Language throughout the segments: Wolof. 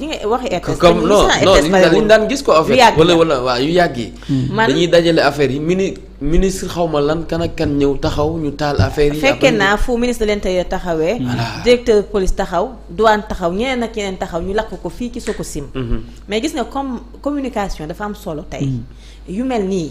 li nga waxi RTS comme non non li ñu daan gis ko en fait wala wala waaw yu yàgg yi hmm. dañuy dajale affaire yi mini ministre xaw ma lan kan ak kan ñëw taxaw ñu taal affaire yi fekke naa fu ministre de l'intérieur taxawee directeur police taxaw duwaan taxaw ñeneen ak ñeneen taxaw ñu lakk ko fii ci sim mhm. mais gis nga comme communication dafa am solo tey hmm. yu mel nii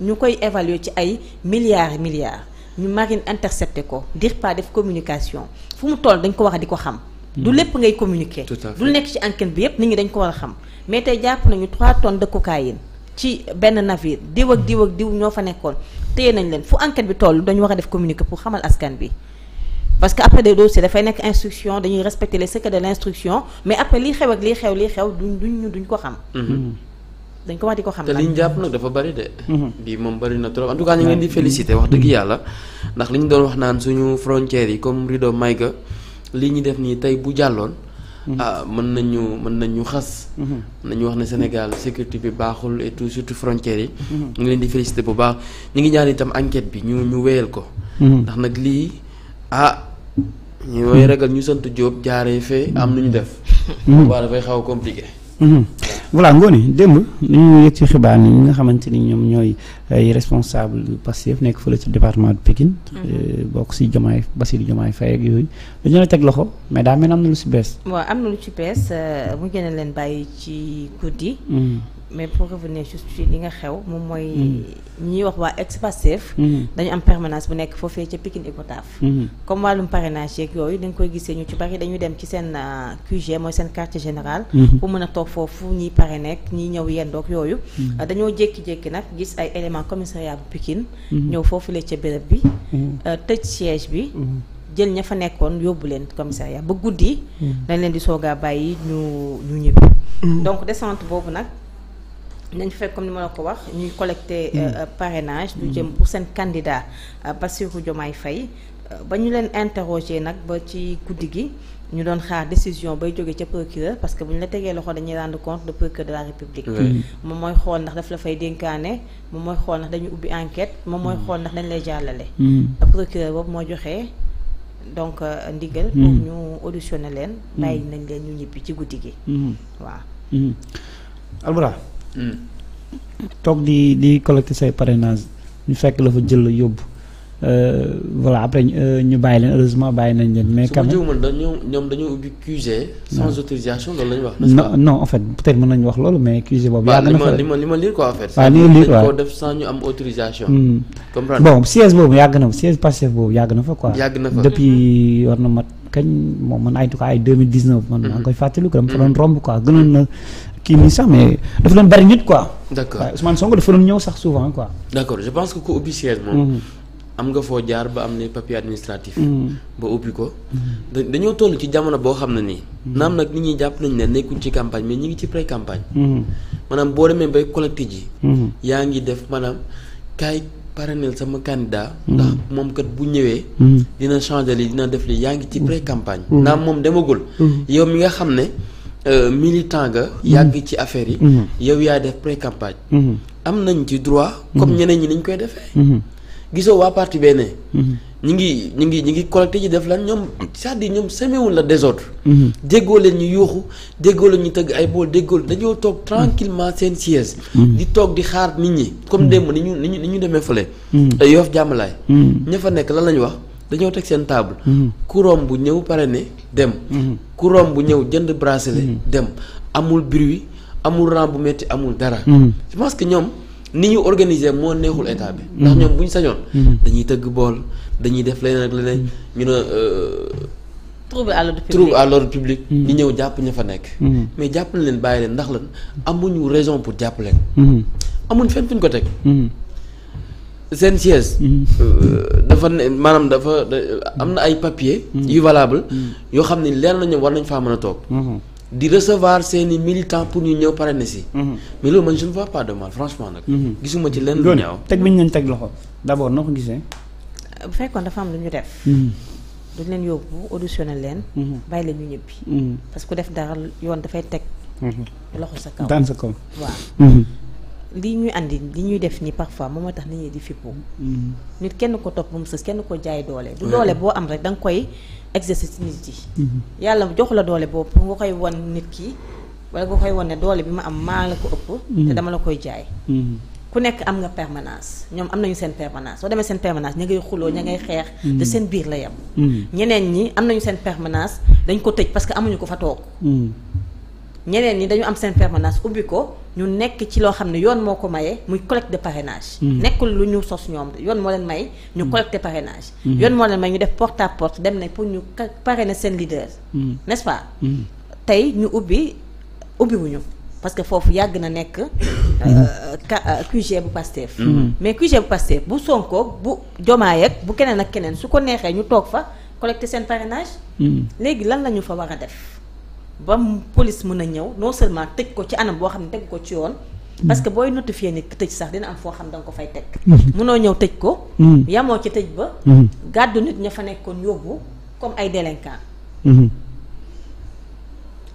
ñu koy évaluer ci ay milliards milliards ñu marine intercepté ko DIRPA def communication fu mu toll dañ ko wax di ko xam du mm-hmm. lépp ngay communiquer. du nekk ci enquête bi yëpp nit ñi dañ ko war a xam mais tey jàpp nañu 3 ton de cocaïne ci benn navire diw ak diw ak diw ñoo fa nekkoon téye nañ leen fu enquête bi toll dañu wax a def communiqué pour xamal askan bi. parce que après des dossiers dafay nekk instruction dañuy respecter les secrets de l'instruction mais après liy xew ak liy xew liy xew duñ duñ ko xam. Mm-hmm. Mm-hmm. dañ ko wax di ko xam te liñ jàpp nag dafa bari de. lii moom bari na trop en tout wax dëgg yàlla ndax li ñu doon wax naan suñu frontières yi comme rideau Maïga li ñu def nii tey bu jàlloon. Mhm. ah mën nañu mën nañu xas. Mhm. mën nañu wax ne Sénégal sécurité bi baaxul et tout surtout frontières yi. Mhm. ñu ngi leen di félicité bu baax ñu ngi ñaan itam enquête bi ñu ñu wéyal ko. ndax nag lii ah. ñooy ragal ñu sant Diop jaaree fee am lu ñu def. bu dafay xaw a compliqué. voilà ngooni démb ñu yëg ci xibaar ni ñi nga xamante ni ñoom ñooy ay responsable Pastef nekk fële ci département de Pikine mhm. euh, bokk si Diomaye Bassirou Diomaye Faye ak yooyu dañu la teg loxo mais daa mel am na lu si bees waaw am na lu ci bees euh, mu gën a leen bàyyi ci guddi mhm. mais pour revenir juste ci li nga xew moom mooy. Mm-hmm. ñuy wax waa ex-Pastef. Mm-hmm. dañu am permanence bu nekk foofee ca Pikine Icotaf. Mm-hmm. comme wàllum parrainage yeeg yooyu da nga koy gisee ñu ci bari dañu dem ci seen euh, QG mooy seen quartier général. pour mën a toog foofu ñiy nekk ñiy ñëw yendoog yooyu. dañoo jékki-jékki nag gis ay éléments commissariat bu Pikine. ñëw foofu la ca béréb bi. Euh, tëj siège bi. jël ña fa nekkoon yóbbu leen commissariat ba guddi. dañ leen di soog a bàyyi ñu ñu ñibbi. donc descente boobu nag. nañ fekk comme ni ma la ko wax ñuy collecté mm. euh, euh, parrainage bu jëm pour seen candidat euh, Bassirou Diomaye Faye ba ñu leen interroger nag ba ci guddi gi ñu doon xaar décision bay jóge ca procureur parce que bu ñu la tegee loxo dañuy rendre compte le procureur de la république mm. moom mooy xool ndax daf la fay dénkaane moom mooy xool ndax dañu ubbi enquête moo mooy mm. xool ndax dañ lay jàllale procureur boobu moo joxee donc ndigal ñu auditionné leen bàyyi nañ leen ñu ñibbi ci guddi gi waaw toog di di collecter say parrainage ñu fekk la fa jël la yóbbu euh, voilà après euh, ñu bàyyi leen heureusement bàyyi nañ leen. mais quand même su ma dañoo ñoom dañoo ubbi QG. sans autorisation ñu wax. non non en fait peut-être mën nañu wax loolu mais QG boobu. yaa gën a fa li ma li ma boobu yàgg na fa siège Pastef boobu yàgg na fa quoi. yàgg na fa depuis war na mat. kañ moom man ay en tout cas ay 2019 man hmm. maa ngi koy fàttaliku dama fa hmm. doon romb quoi gënoon na kii nii sax mais dafa doon bari nit quoi. d'accord waaye Ousmane Sonko dafa doon ñëw sax souvent quoi. d'accord je pense que ubbi siège moom. Mhm. am nga foo jaar ba am ne papier administratif. Mhm. ba ubbi ko. Mhm. dañoo toll ci jamono boo xam ne nii. naam nag nit ñi jàpp nañ ne nekkuñ ci campagne mais ñi ngi ci pré campagne. maanaam boo demee bay collecte ji. yaa ngi def maanaam kaay parrainel sama candidat. ndax moom kat bu ñëwee. dina changer li dina def li yaa ngi ci pré campagne. naam moom demagul. Euh, militant nga. yàgg ci affaire yi. Mhm. yow yaa def pré campagne. Mhm. am nañ ci droit. comme mhm. ñeneen ñi niñ koy defee. gisoo waa parti bee ne. ñu ngi ñu ngi ñu ngi collecté ci def lan ñoom c'est-à-dire ñoom semewul la désordre. déggoo leen ñu yuuxu déggoo leen ñu tëgg ay bool déggoo dañoo toog tranquillement seen siège. di toog di xaar nit ñi. comme démb ni ñu ni ñu ni ñu demee fële. Euh, Yoff jàmmalaay. ña fa nekk lan la ñu wax. dañoo teg seen table. Mhm. ku bu ñëw pare ne dem. Mhm. ku bu ñëw jënd bracelet mhm. dem amul bruit amul rang bu métti amul dara. je pense que ñoom ni ñu organiser moo neexul état bi. ndax ñoom bu ñu sañoon. dañuy tëgg bool dañuy def leneen ak leneen ñu ne. Euh, trouble à l'ordre public trouble à ñu ñëw jàpp ñu fa nekk. mais jàppale leen bàyyi leen ndax lan amuñu raison pour jàpp leen. amuñ fenn fu ñu ko teg. seen siège mm-hmm. euh, dafa ne maanaam dafa am na ay papiers. Mm-hmm. yu valable mm-hmm. yoo xam ne leer nañu war nañ faa mën a toog di recevoir seeni militants pour ñu ñëw parrainer si mais loolu man je pas de mal franchement nag gisuma ci lenn lu ñaaw teg bi ñu leen teg loxo d'abord noo ko gisee euh, bu fekkoon dafa am lu ñu def duñ leen yóbbu auditionné leen bàyyi leen ñu ñibbi def dara yoon dafay teg loxo sa kaw daan sa kaw waaw lii ñuy andi li ñuy def nii parfois moom moo tax nit ñi di fippu. Mm-hmm. nit kenn ko topp moom sës kenn ko jaay doole. du doole boo am rek danga nga koy exercer ci nit yi. Mm-hmm. yàlla joxu la doole boobu pour nga koy won nit ki wala nga koy won ne doole bi ma am maa la ko ëpp. te mm-hmm. dama la koy jaay. ku nekk am nga permanence ñoom am nañu seen permanence soo demee seen permanence ña ngay xuloo ña ngay xeex. te seen biir la yem. ñeneen ñi am nañu seen permanence dañ ko tëj parce que amuñu ko fa ñeneen ñi dañu am seen permanence ubbi ko ñu nekk ci loo xam ne yoon moo ko maye muy collecte de parrainage. Mm. nekkul lu ñu sos ñoom yoon moo leen may. ñu mm. collecte parrainage. Mm. yoon moo leen may ñu def porte à porte dem nañ pour ñu parrainer seen leader. n'est-ce pas. tey ñu ubbi ubbiwuñu parce que foofu yàgg na nekk euh, euh, QG bu Pastef. mais QG bu Pastef bu Sonko bu Diomaye bu keneen ak keneen su ko neexee ñu toog fa collecter seen parrainage. léegi lan la ñu fa war a def. ba police mën a ñëw non seulement tëj ko ci anam boo xam ne teg ko ci yoon. parce que booy notifié nit ki tëj sax dina am foo xam da danga ko fay teg. mënoo mhm. ñëw tëj ko. Mhm. yamoo ci tëj ba. Mhm. gàddu nit ña fa nekkoon yóbbu comme ay délinquant.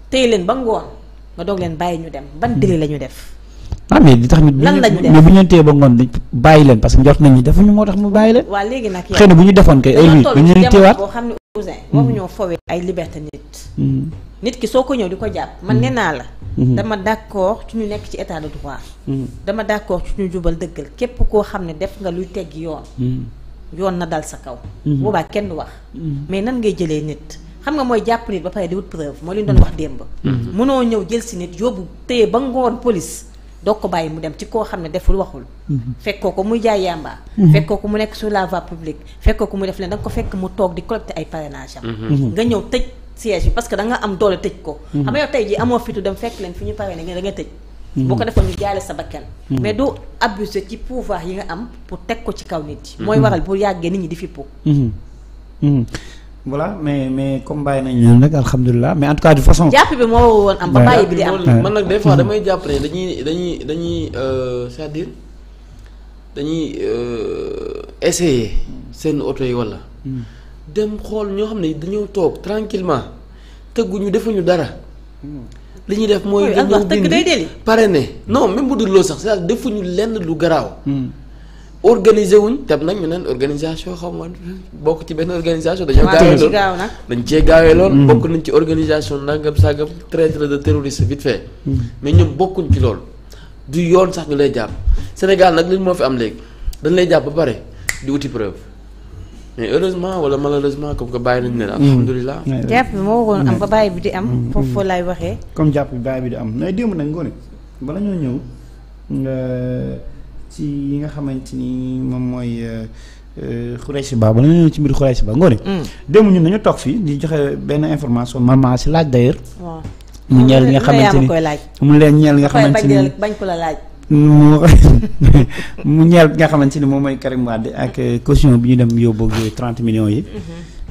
téye leen ba ngoon nga doog leen bàyyi ñu dem ban délit la ñu def. ah tax nit lan la ñu def mais bu ba bàyyi leen parce que njort nañ ñi defuñu moo tax mu bàyyi leen. waa léegi nag xëy na bu ñu defoon kay. ay luy ba boo xam ne Ousin. waruñoo fowee ay liberté nit. nit ki soo ko ñëw di ko jàpp man mm-hmm. nee naa la. Mm-hmm. dama d'accord ci ñu nekk ci état de droit. Mm-hmm. dama d'accord ci ñu jubal dëggal képp koo xam ne def nga luy teggi yoon. yoon na dal sa kaw. boobaa kenn wax. mais nan ngay jëlee nit. xam nga mooy jàpp nit ba pare di wut preuve moo leen doon wax démb. mënoo ñëw jël si nit yóbbu téye ba ngoon police. doo ko bàyyi mu dem ci koo xam ne deful waxul. fekkoo ko muy jaay yàmba. fekkoo ko mu nekk sur la voie publique. fekkoo ko mu def leen da ko fekk mu toog di collecter ay parrainage am. nga ñëw tëj. siège bi parce que danga am doole tëj ko. Mhm. xam nga yow tey jii amoo fitu dem fekk leen fi ñu paree ne da nga tëj. Mhm. boo ko defoon ñu jaale sa bakkan mhm. mais doo abuser ci pouvoir yi nga am pour teg ko ci kaw nit yi. mooy waral pour yàggee nit ñi di fippu. voilà mais mais comme bàyyi nañu leen rek alhamdulilah mais en tout cas de façon. jàpp bi moo warul woon am ba bàyyi bi di am. man nag des fois damay jàpp ne dañuy dañuy dañuy euh, dañuy euh, essayer seen oto yi wala. dem xool ñoo xam ne dañoo toog tranquillement ñu defuñu dara hmm. li ñuy def mooy dañoo bind pare ne non même bu dul loo sax cest defuñu lenn lu garaaw hmm. organiser wuñ tam nag ñu naan organisation xaw ma bokk ci benn organisation dañoo gaawee lool dañ cee gaawee lool hmm. nañ ci organisation nangam sàngam traître de terroriste vite fait mais ñoom bokkuñ ci loolu du yoon sax ñu lay jàpp Sénégal nag li moo fi am léegi dañ lay jàpp ba pare di wuti preuve mais heureusement wala malheureusement comme que bàyyi nañu ne la. Mm. alhamdulilah. jàpp bi moo waroon am mm. ba bàyyi bi di am. Mm. foofu laay waxee. comme jàpp bi bàyyi bi di am mais démb nag ngoone bala ñoo ñëw nga ci yi nga xamante ni moom mooy euh, euh, Khoureychi Ba bala ñoo ñëw ci mbir Khoureychi Ba ngoone. démb ñun dañu toog fii di joxe benn information man laaj d'ailleurs. mu ñeel nga xamante ni mu leen ñeel nga xamante ni bañ ko laaj. mu mu ñeel bi nga xamante ni moom mooy Karim Wade ak caution bi ñu dem yóbbu 30 millions yi. Mm-hmm.